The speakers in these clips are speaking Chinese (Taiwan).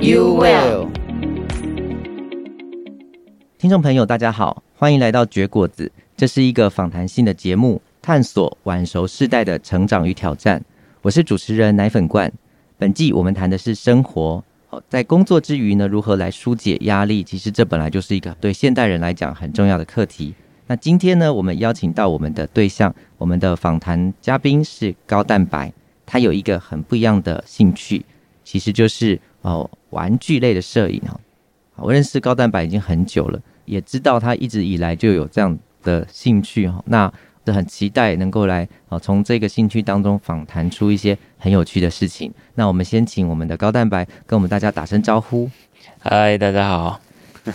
You will。聽眾朋友，大家好，歡迎來到絕果子。這是一個訪談性的節目，探索晚熟世代的成長與挑戰。我是主持人奶粉罐。本季我們談的是生活。在工作之餘呢，如何來疏解壓力？其實這本來就是一個對現代人來講很重要的課題。那今天呢，我們邀請到我們的對象，我們的訪談嘉賓是高蛋白。他有一個很不一樣的興趣，其實就是。哦，玩具類的攝影哦，我認識高蛋白已經很久了，也知道他一直以來就有這樣的興趣哦，那就很期待能夠來哦，從這個興趣當中訪談出一些很有趣的事情。那我們先請我們的高蛋白跟我們大家打聲招呼。嗨，大家好。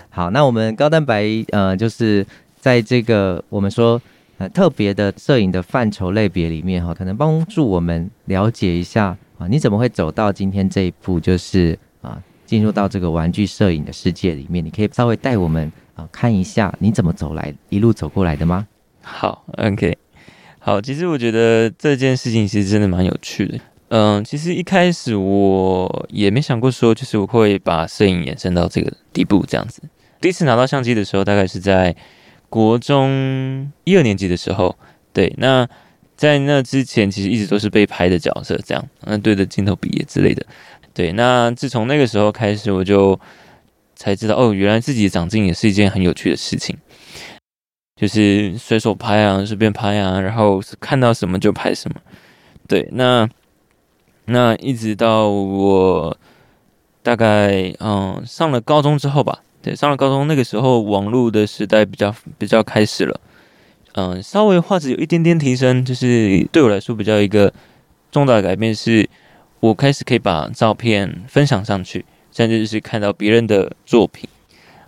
好，那我們高蛋白呃，就是在這個我們說呃，特別的攝影的範疇類別裡面哈，可能幫助我們了解一下。啊，你怎麼會走到今天這一步？就是啊，進入到這個玩具攝影的世界裡面，你可以稍微帶我們啊看一下你怎麼走來，一路走過來的嗎？好，OK，好，其實我覺得這件事情其實真的蠻有趣的。嗯，其實一開始我也沒想過說，就是我會把攝影延伸到這個地步這樣子。第一次拿到相機的時候，大概是在國中一二年級的時候。對，那。在那之前，其實一直都是被拍的角色，這樣，嗯，對着鏡頭比耶之類的。對，那自從那個時候開始，我就才知道，哦，原來自己掌鏡也是一件很有趣的事情，就是隨手拍啊，隨便拍啊，然後看到什麼就拍什麼。對，那那一直到我大概嗯上了高中之後吧，對，上了高中那個時候，網絡的時代比較比較開始了。嗯、呃，稍微畫質有一點點提升，就是對我來說比較一個重大的改變是，我開始可以把照片分享上去，甚至就是看到別人的作品。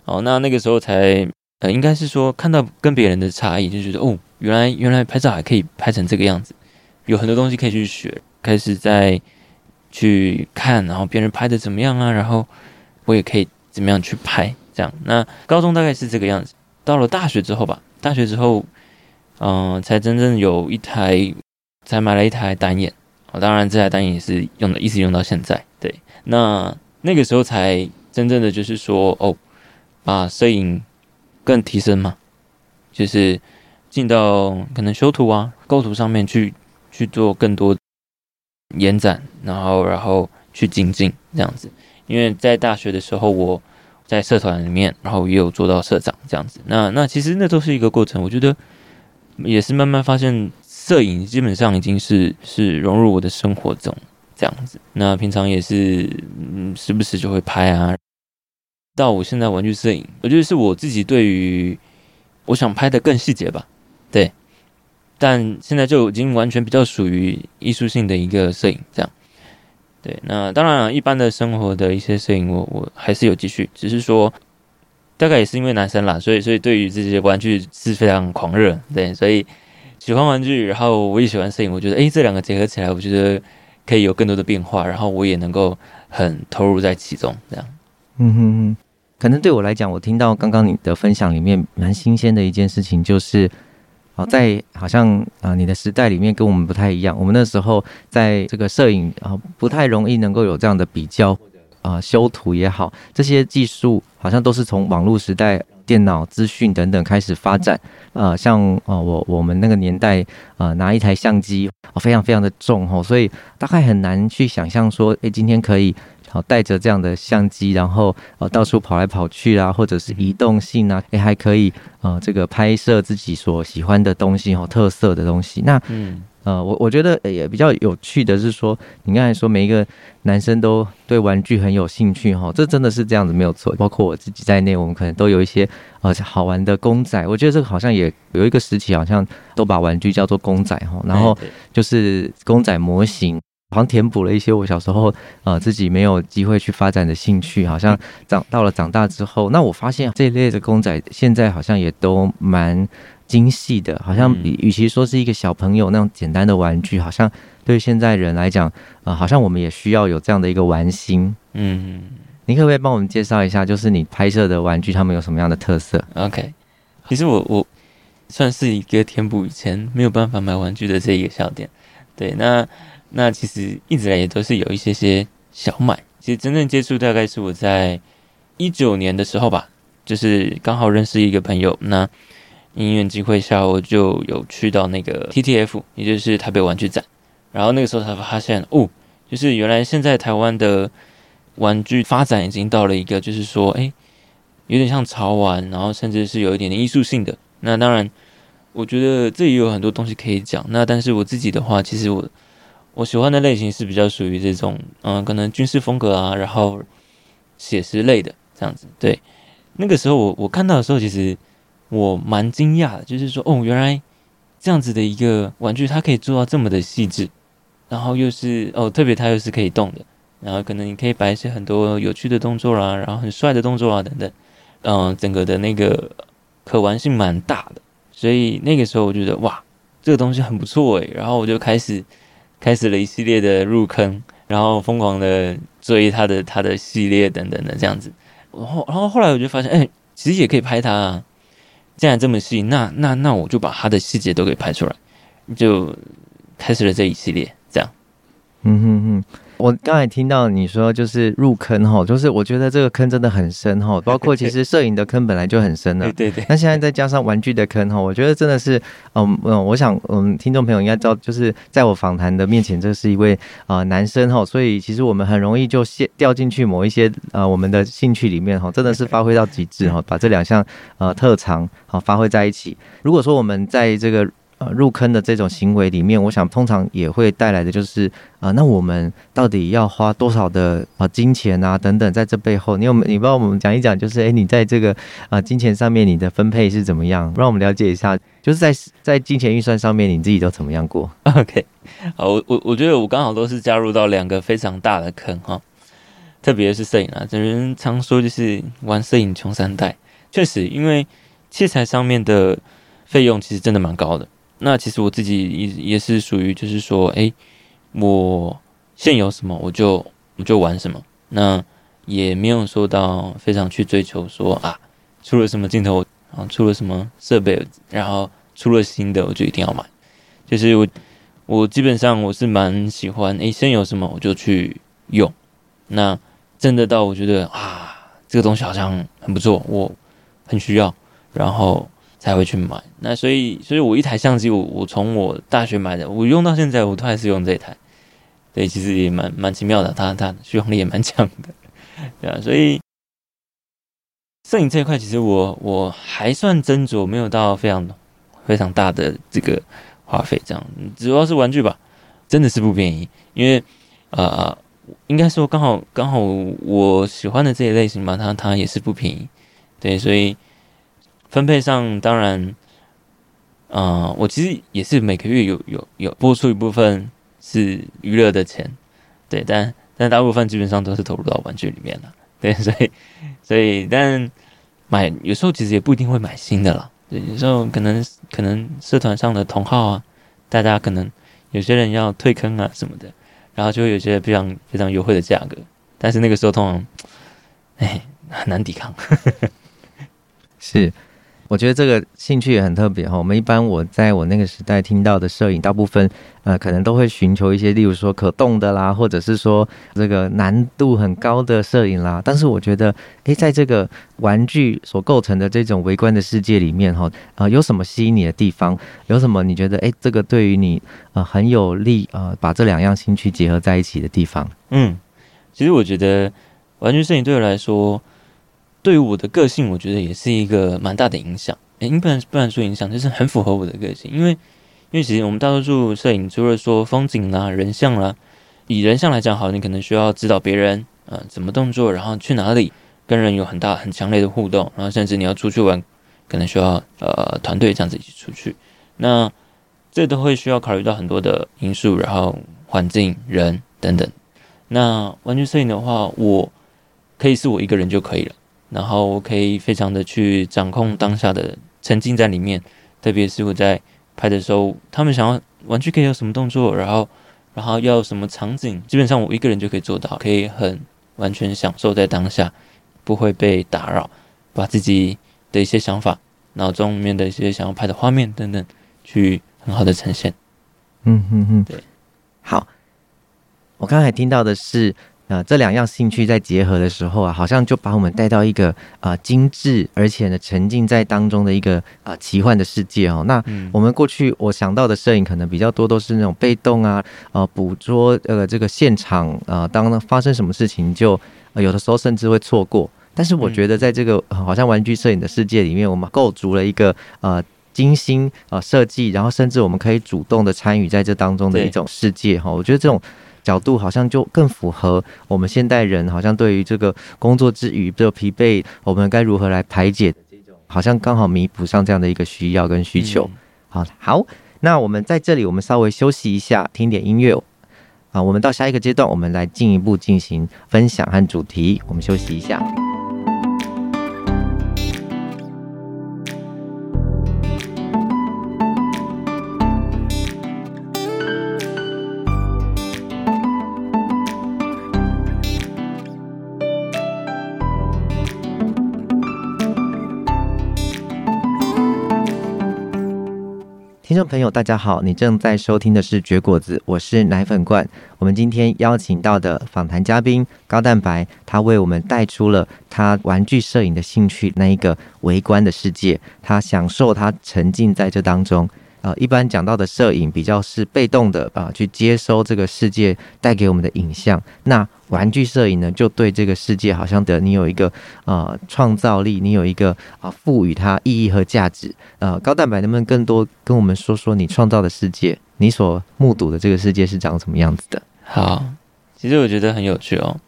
哦，那那個時候才呃，應該是說看到跟別人的差異，就覺得哦，原來原來拍照還可以拍成這個樣子，有很多東西可以去學，開始再去看，然後別人拍的怎麼樣啊，然後我也可以怎麼樣去拍這樣。那高中大概是這個樣子，到了大學之後吧，大學之後。嗯、呃，才真正有一台，才買了一台單眼、哦、當然，這台單眼是用的，一直用到現在。對，那那個時候才真正的就是說，哦，把攝影更提升嘛，就是進到可能修圖啊、構圖上面去去做更多延展，然後然後去精進這樣子。因為在大學的時候，我在社團裡面，然後也有做到社長這樣子。那那其實那都是一個過程，我覺得。也是慢慢發現，攝影基本上已經是是融入我的生活中這樣子。那平常也是，嗯，時不時就會拍啊。到我現在玩具攝影，我覺得是我自己對於我想拍的更細節吧。對，但現在就已經完全比較屬於藝術性的一個攝影這樣。對，那當然了，一般的生活的一些攝影我，我我還是有繼續，只是說。大概也是因為男生啦，所以所以對於這些玩具是非常狂熱，對，所以喜歡玩具，然後我也喜歡攝影，我覺得誒、欸，這兩個結合起來，我覺得可以有更多的變化，然後我也能夠很投入在其中，這樣。嗯哼，可能對我來講，我聽到剛剛你的分享裡面蠻新鮮的一件事情，就是好在好像啊，你的時代裡面跟我們不太一樣，我們那時候在這個攝影啊，不太容易能夠有這樣的比較。啊，修圖也好，這些技術好像都是從網絡時代、電腦、資訊等等開始發展。啊、呃，像啊、呃，我我們那個年代啊、呃，拿一台相機哦，非常非常的重，所以大概很難去想象說，誒、欸，今天可以。好，帶着這樣的相機，然後呃到處跑來跑去啦、啊，或者是移動性啊，也還可以呃這個拍攝自己所喜歡的東西，哈，特色的東西。那嗯呃，我我覺得也比較有趣的是說，你剛才說每一個男生都對玩具很有興趣，哈，這真的是這樣子沒有錯。包括我自己在內，我們可能都有一些呃好玩的公仔。我覺得這個好像也有一個時期，好像都把玩具叫做公仔哈，然後就是公仔模型。好像填補了一些我小時候啊、呃、自己沒有機會去發展的興趣，好像長到了長大之後， 那我發現這一類的公仔現在好像也都蠻精細的，好像比、與其說是一個小朋友那種簡單的玩具，好像對現在人來講啊、呃，好像我們也需要有這樣的一個玩心。嗯， 你可不可以幫我們介紹一下，就是你拍攝的玩具他們有什麼樣的特色？OK，其實我我算是一個填補以前沒有辦法買玩具的這一個小點，對，那。那其實一直來也都是有一些些小買，其實真正接觸大概是我在一九年的時候吧，就是剛好認識一個朋友，那因緣際會下我就有去到那個 TTF，也就是台北玩具展，然後那個時候才發現，哦，就是原來現在台灣的玩具發展已經到了一個，就是說，誒，有點像潮玩，然後甚至是有一點點藝術性的。那當然，我覺得這裡有很多東西可以講，那但是我自己的話，其實我。我喜歡的類型是比較屬於這種，嗯、呃，可能軍事風格啊，然後寫實類的這樣子。對，那個時候我我看到的時候，其實我蠻驚訝的，就是說，哦，原來這樣子的一個玩具，它可以做到這麼的細緻，然後又是哦，特別它又是可以動的，然後可能你可以擺一些很多有趣的動作啦、啊，然後很帥的動作啊等等，嗯，整個的那個可玩性蠻大的，所以那個時候我覺得哇，這個東西很不錯誒，然後我就開始。開始了一系列的入坑，然後瘋狂的追他的他的系列等等的這樣子，然後然後後來我就發現，哎、欸，其實也可以拍他，啊。既然這麼細，那那那我就把他的細節都給拍出來，就開始了這一系列這樣。嗯哼哼。我剛才聽到你說，就是入坑吼。就是我覺得這個坑真的很深吼，包括其實攝影的坑本來就很深了，對對對。那現在再加上玩具的坑哈，我覺得真的是，嗯嗯，我想嗯，我們聽眾朋友應該知道，就是在我訪談的面前，這是一位啊男生吼。所以其實我們很容易就陷掉進去某一些啊我們的興趣裡面吼，真的是發揮到極致哈，把這兩項呃特長啊發揮在一起。如果說我們在這個啊，入坑的這種行為裡面，我想通常也會帶來的就是，啊、呃，那我們到底要花多少的啊金錢啊等等，在這背後，你有沒有，你幫我們講一講，就是，誒、欸，你在這個啊、呃，金錢上面你的分配是怎麼樣？讓我們了解一下，就是在在金錢預算上面你自己都怎麼樣過？OK，好，我我我覺得我剛好都是加入到兩個非常大的坑哈，特別是攝影啊，這人常說就是玩攝影窮三代，確實，因為器材上面的費用其實真的蠻高的。那其實我自己也也是屬於，就是說，誒，我現有什麼我就我就玩什麼，那也沒有說到非常去追求說啊，出了什麼鏡頭，啊，出了什麼設備，然後出了新的我就一定要買。就是我我基本上我是蠻喜歡，誒，現有什麼我就去用。那真的到我覺得啊，這個東西好像很不錯，我很需要，然後。才會去買，那所以，所以我一台相機我，我我從我大學買的，我用到現在，我都還是用這台，對，其實也蠻蠻奇妙的，它它續航力也蠻強的，對啊，所以，攝影這一塊，其實我我還算斟酌，沒有到非常非常大的這個花費，這樣。主要是玩具吧，真的是不便宜，因為啊、呃，應該說剛好剛好我我喜歡的這一類型嘛，它它也是不便宜，對，所以。分配上當然，呃，我其實也是每個月有有有撥出一部分是娛樂的錢，對，但但大部分基本上都是投入到玩具裡面了。對，所以所以但買有時候其實也不一定會買新的啦，對，有時候可能可能社團上的同好啊，大家可能有些人要退坑啊什麼的，然後就會有些非常非常優惠的價格，但是那個時候通常，哎，很難抵抗， 是。我覺得這個興趣也很特別哈。我們一般我在我那個時代聽到的攝影，大部分呃可能都會尋求一些，例如說可動的啦，或者是說這個難度很高的攝影啦。但是我覺得，誒，在這個玩具所構成的這種微觀的世界裡面哈，呃，有什麼吸引你的地方？有什麼你覺得誒，這個對於你呃很有利啊，呃，把這兩樣興趣結合在一起的地方？嗯，其實我覺得玩具攝影對我來說。對於我的個性，我覺得也是一個蠻大的影響。哎，不能不能說影響，就是很符合我的個性。因為，因為其實我們大多數攝影，除了說風景啦、啊、人像啦、啊，以人像來講，好，你可能需要指導別人，呃，怎麼動作，然後去哪裡，跟人有很大、很強烈的互動，然後甚至你要出去玩，可能需要呃團隊這樣子一起出去。那這都會需要考慮到很多的因素，然後環境、人等等。那玩具攝影的話，我可以是我一個人就可以了。然後我可以非常的去掌控，當下的沉浸在裡面，特別是我在拍的時候，他們想要玩具可以有什麼動作，然後，然後要什麼場景，基本上我一個人就可以做到，可以很完全享受在當下，不會被打擾，把自己的一些想法、腦中裡面的一些想要拍的畫面等等，去很好的呈現。嗯嗯嗯，嗯嗯對，好，我剛才聽到的是。啊、呃，這兩樣興趣在結合的時候啊，好像就把我們帶到一個啊、呃、精緻，而且呢沉浸在當中的一個啊、呃、奇幻的世界哦。那我們過去我想到的攝影可能比較多都是那種被動啊，呃捕捉呃這個現場啊、呃，當發生什麼事情就、呃、有的時候甚至會錯過。但是我覺得在這個好像玩具攝影的世界裡面，我們構築了一個啊、呃，精心啊、呃，設計，然後甚至我們可以主動的參與在這當中的一種世界哈、哦。對我覺得這種。角度，好像就更符合我們現代人，好像對於這個工作之餘的疲憊，我們該如何來排解這種，好像剛好彌補上這樣的一個需要跟需求。嗯、好，好，那我們在這裡，我們稍微休息一下，聽點音樂。啊，我們到下一個階段，我們來進一步進行分享和主題。我們休息一下。朋友，大家好，你正在收聽的是《絕果子》，我是奶粉罐。我們今天邀請到的訪談嘉賓高蛋白，他為我們帶出了他玩具攝影的興趣，那一個微觀的世界，他享受他沉浸在這當中。啊、呃，一般講到的攝影比較是被動的啊，去接收這個世界帶給我們的影像。那玩具攝影呢，就對這個世界好像的你有一個啊、呃、創造力，你有一個啊賦予它意義和價值。呃，高蛋白能不能更多跟我們說說你創造的世界，你所目睹的這個世界是長什麼樣子的？好，其實我覺得很有趣哦，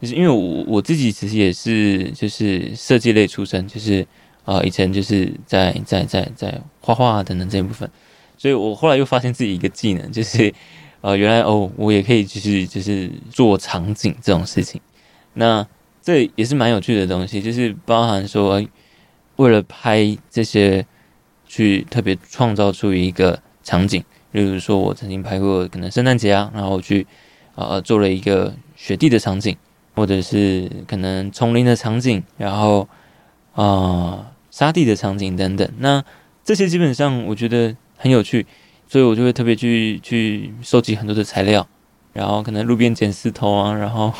就是因為我我自己其實也是就是設計類出身，就是。啊，以前就是在在在在畫畫等等這一部分，所以我後來又發現自己一個技能，就是，呃，原來哦，我也可以就是就是做場景這種事情，那這也是蠻有趣的東西，就是包含說為了拍這些去特別創造出一個場景，例如說，我曾經拍過可能聖誕節啊，然後去啊、呃、做了一個雪地的場景，或者是可能叢林的場景，然後啊、呃。沙地的場景等等，那這些基本上我覺得很有趣，所以我就會特別去去收集很多的材料，然後可能路邊撿石頭啊，然後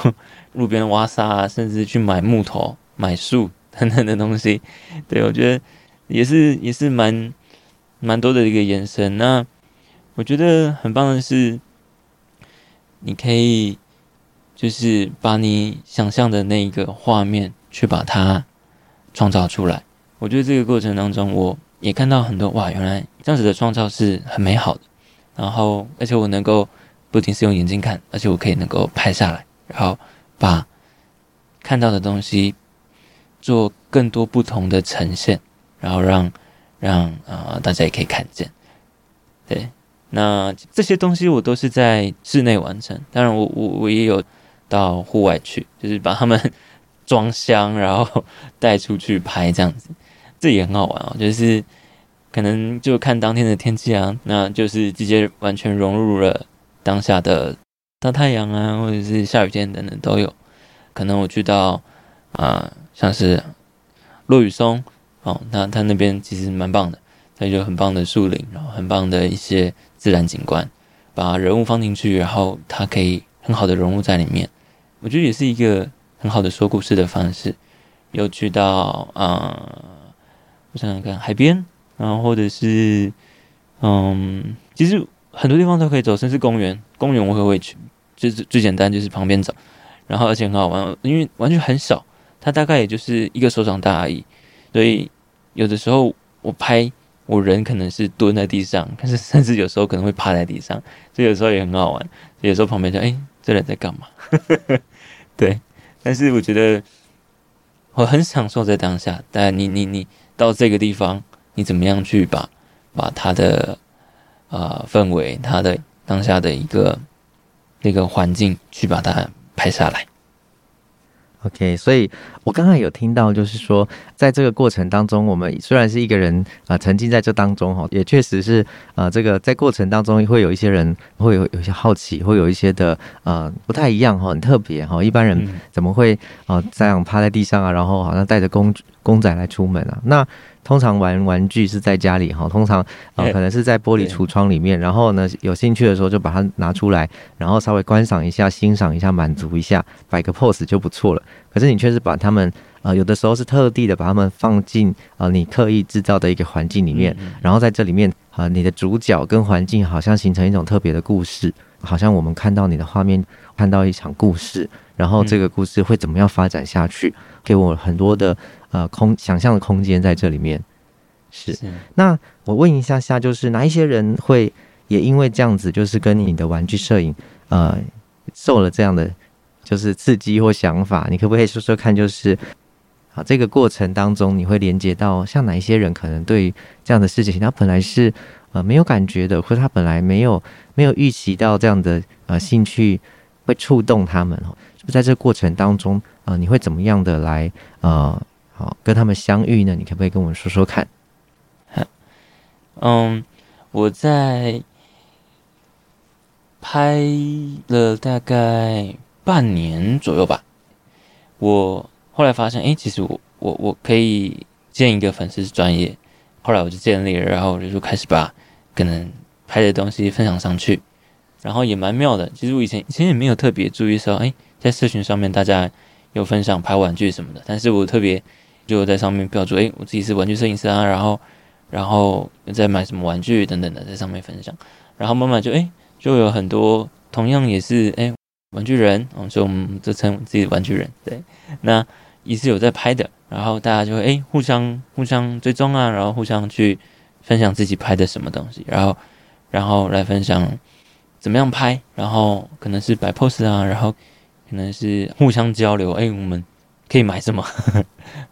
路邊挖沙啊，甚至去買木頭、買樹等等的東西。對，我覺得也是也是蠻蠻多的一個延伸。那我覺得很棒的是，你可以就是把你想象的那一個畫面去把它創造出來。我覺得這個過程當中，我也看到很多。哇，原來這樣子的創造是很美好的。然後，而且我能夠不僅是用眼睛看，而且我可以能夠拍下來，然後把看到的東西做更多不同的呈現，然後讓讓啊、呃、大家也可以看見。對，那這些東西我都是在室內完成。當然我，我我我也有到戶外去，就是把它們裝箱，然後帶出去拍這樣子。這也很好玩哦，就是可能就看當天的天氣啊，那就是直接完全融入了當下的大太陽啊，或者是下雨天等等都有。可能我去到啊、呃，像是落雨松哦，那他那邊其實蠻棒的，它有很棒的樹林，然後很棒的一些自然景觀，把人物放進去，然後它可以很好的融入在裡面。我覺得也是一個很好的說故事的方式。又去到啊。呃我想想看，海邊，然後，嗯，或者是，嗯，其實很多地方都可以走，甚至是公園。公園我會會去，就是最簡單就是旁邊走，然後而且很好玩，因為玩具很少，它大概也就是一個手掌大而已。所以有的時候我拍，我人可能是蹲在地上，但是甚至有時候可能會趴在地上，所以有時候也很好玩。所以有時候旁邊就哎、欸，這人在幹嘛？ 對，但是我覺得。我很享受在當下，但你你你到這個地方，你怎麼樣去把把它的啊、呃、氛圍，它的當下的一個那個環境去把它拍下來？OK，所以我剛剛有聽到，就是說，在這個過程當中，我們雖然是一個人啊、呃，沉浸在這當中哈，也確實是啊、呃，這個在過程當中會有一些人會有有些好奇，會有一些的、呃、不太一樣哈，很特別哈、哦，一般人怎麼會啊、呃、這樣趴在地上啊，然後好像帶着工具。公仔來出門了、啊。那通常玩玩具是在家裡哈，通常啊、呃、可能是在玻璃櫥窗裡面。嘿然後呢，有興趣的時候就把它拿出來，嗯、然後稍微觀賞一下、欣賞一下、滿足一下，擺個 pose 就不錯了。可是你卻是把它們啊、呃，有的時候是特地的把它們放進啊、呃，你特意製造的一個環境裡面，嗯嗯，然後在這裡面啊、呃，你的主角跟環境好像形成一種特別的故事，好像我們看到你的畫面，看到一場故事，然後這個故事會怎麼樣發展下去？嗯給我很多的呃空想象的空間在這裡面，是。是。那我問一下下，就是哪一些人會也因為這樣子，就是跟你的玩具攝影呃，受了這樣的就是刺激或想法，你可不可以說說看？就是，啊，這個過程當中你會連接到像哪一些人可能對這樣的事情，他本來是呃沒有感覺的，或者他本來沒有沒有預期到這樣的呃興趣。會觸動他們哦，是不是在這個過程當中啊、呃？你會怎麼樣的來呃，好跟他們相遇呢？你可不可以跟我們說說看？哈。嗯，我在拍了大概半年左右吧。我後來發現，哎，其實我我我可以建一個粉絲專頁。後來我就建立了，然後我就開始把可能拍的東西分享上去。然後也蠻妙的。其實我以前以前也沒有特別注意說，哎，在社群上面大家有分享拍玩具什麼的。但是我特別就在上面標注，哎，我自己是玩具攝影師啊。然後，然後再買什麼玩具等等的，在上面分享。然後慢慢就，哎，就有很多同樣也是，哎，玩具人，嗯、哦，所以我們自稱自己的玩具人。對，那也是有在拍的，然後大家就，會，哎，互相互相追蹤啊，然後互相去分享自己拍的什麼東西，然後，然後來分享。怎麼樣拍？然後可能是擺 pose 啊，然後可能是互相交流。哎，我們可以買什麼？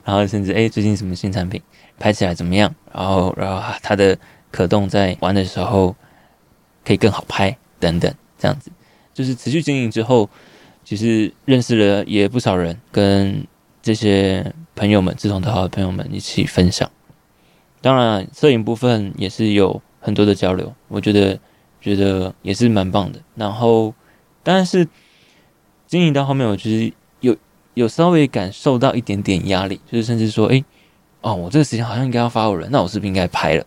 然後甚至哎，最近什麼新產品？拍起來怎麼樣？然後，然後它、啊、的可動在玩的時候可以更好拍等等，這樣子就是持續經營之後，其實認識了也不少人，跟這些朋友們志同道合的朋友們一起分享。當然、啊，攝影部分也是有很多的交流，我覺得。覺得也是蠻棒的，然後，但是經營到後面我就是，我其實有有稍微感受到一點點壓力，就是甚至說，誒哦，我這個時間好像應該要發文了，那我是不是應該拍了？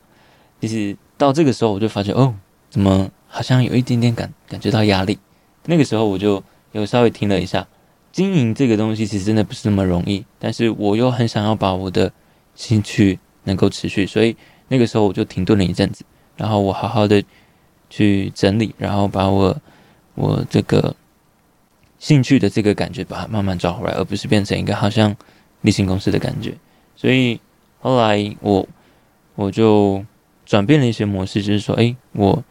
其實到這個時候，我就發覺，哦，怎麼好像有一點點感感覺到壓力？那個時候我就有稍微停了一下，經營這個東西其實真的不是那麼容易，但是我又很想要把我的興趣能夠持續，所以那個時候我就停頓了一陣子，然後我好好的。去整理，然後把我我這個興趣的這個感覺，把它慢慢找回來，而不是變成一個好像例行公事的感覺。所以後來我我就轉變了一些模式，就是說，誒，我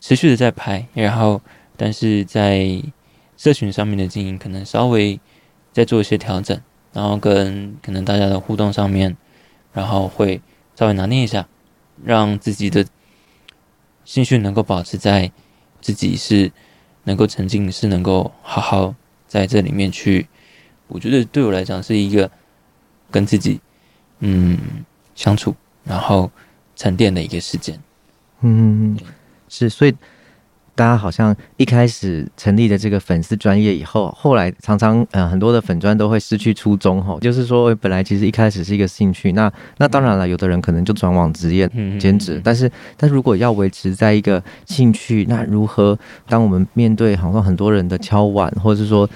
持續的在拍，然後但是在社群上面的經營，可能稍微再做一些調整，然後跟可能大家的互動上面，然後會稍微拿捏一下，讓自己的。興趣能夠保持在自己是能夠沉浸，是能夠好好在這裡面去，我覺得對我來講是一個跟自己嗯相處，然後沉澱的一個時間。嗯，是，所以。大家好像一開始成立了這個粉絲專業以後，後來常常呃很多的粉專都會失去初衷吼，就是說本來其實一開始是一個興趣，那那當然了，有的人可能就轉往職業兼職，但是但是如果要維持在一個興趣，那如何？當我們面對好像很多人的敲碗，或者是說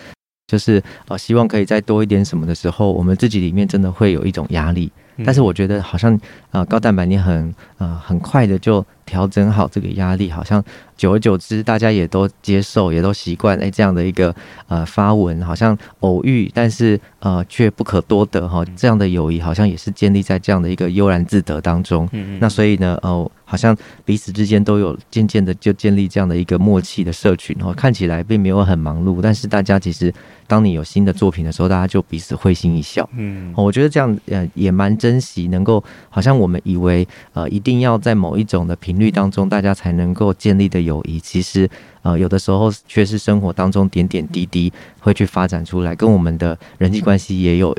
就是呃希望可以再多一點什麼的時候，我們自己裡面真的會有一種壓力。但是我覺得好像呃高蛋白你很呃很快的就調整好這個壓力，好像久而久之，大家也都接受，也都習慣。哎、欸，這樣的一個呃發文，好像偶遇，但是呃卻不可多得哈。這樣的友誼好像也是建立在這樣的一個悠然自得當中。嗯，嗯，那所以呢，哦、呃，好像彼此之間都有漸漸的就建立這樣的一個默契的社群，然看起來並沒有很忙碌，但是大家其實當你有新的作品的時候，大家就彼此會心一笑。嗯，我覺得這樣呃也蠻珍惜，能夠好像我們以為呃一定要在某一種的平律當中，大家才能夠建立的友誼，其實，呃，有的時候卻是生活當中點點滴滴會去發展出來，跟我們的人際關係也有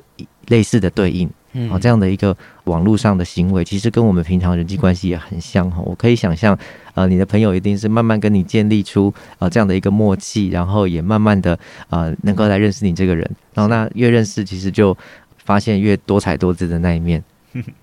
類似的對應。嗯、哦，這樣的一個網絡上的行為，其實跟我們平常人際關係也很像、哦。我可以想象，呃，你的朋友一定是慢慢跟你建立出呃，這樣的一個默契，然後也慢慢的呃，能夠來認識你這個人。然、哦、後，那越認識，其實就發現越多彩多姿的那一面。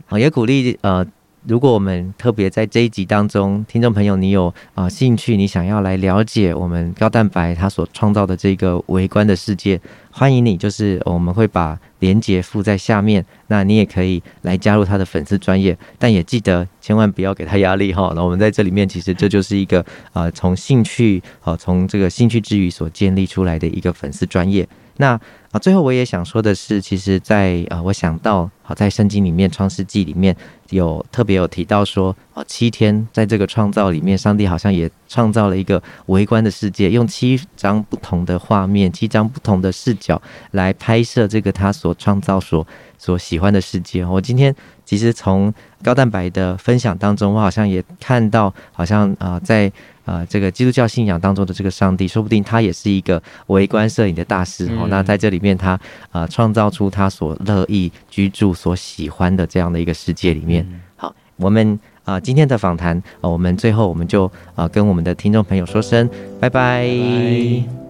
好、哦，也鼓勵呃。如果我們特別，在這一集當中，聽眾朋友，你有啊、呃、興趣，你想要來了解我們高蛋白他所創造的這個微觀的世界，歡迎你，就是我們會把鏈接附在下面，那你也可以來加入他的粉絲專頁，但也記得千萬不要給他壓力哈。那我們在這裡面，其實這就是一個啊從、呃、興趣啊從、呃、這個興趣之餘所建立出來的一個粉絲專頁。那啊，最後我也想說的是，其實在，在、呃、啊，我想到好在聖經裡面，《創世記》裡面有特別有提到說，啊，七天在這個創造裡面，上帝好像也創造了一個微觀的世界，用七張不同的畫面、七張不同的視角來拍攝這個他所創造所、所所喜歡的世界。我今天其實從高蛋白的分享當中，我好像也看到，好像啊、呃，在。啊、呃，這個基督教信仰當中的這個上帝，說不定他也是一個微觀攝影的大師。好，嗯、那在這裡面他，他、呃、啊，創造出他所樂意居住、所喜歡的這樣的一個世界裡面。好、嗯，我們啊、呃、今天的訪談、呃，我們最後我們就啊、呃、跟我們的聽眾朋友說聲拜拜。拜拜。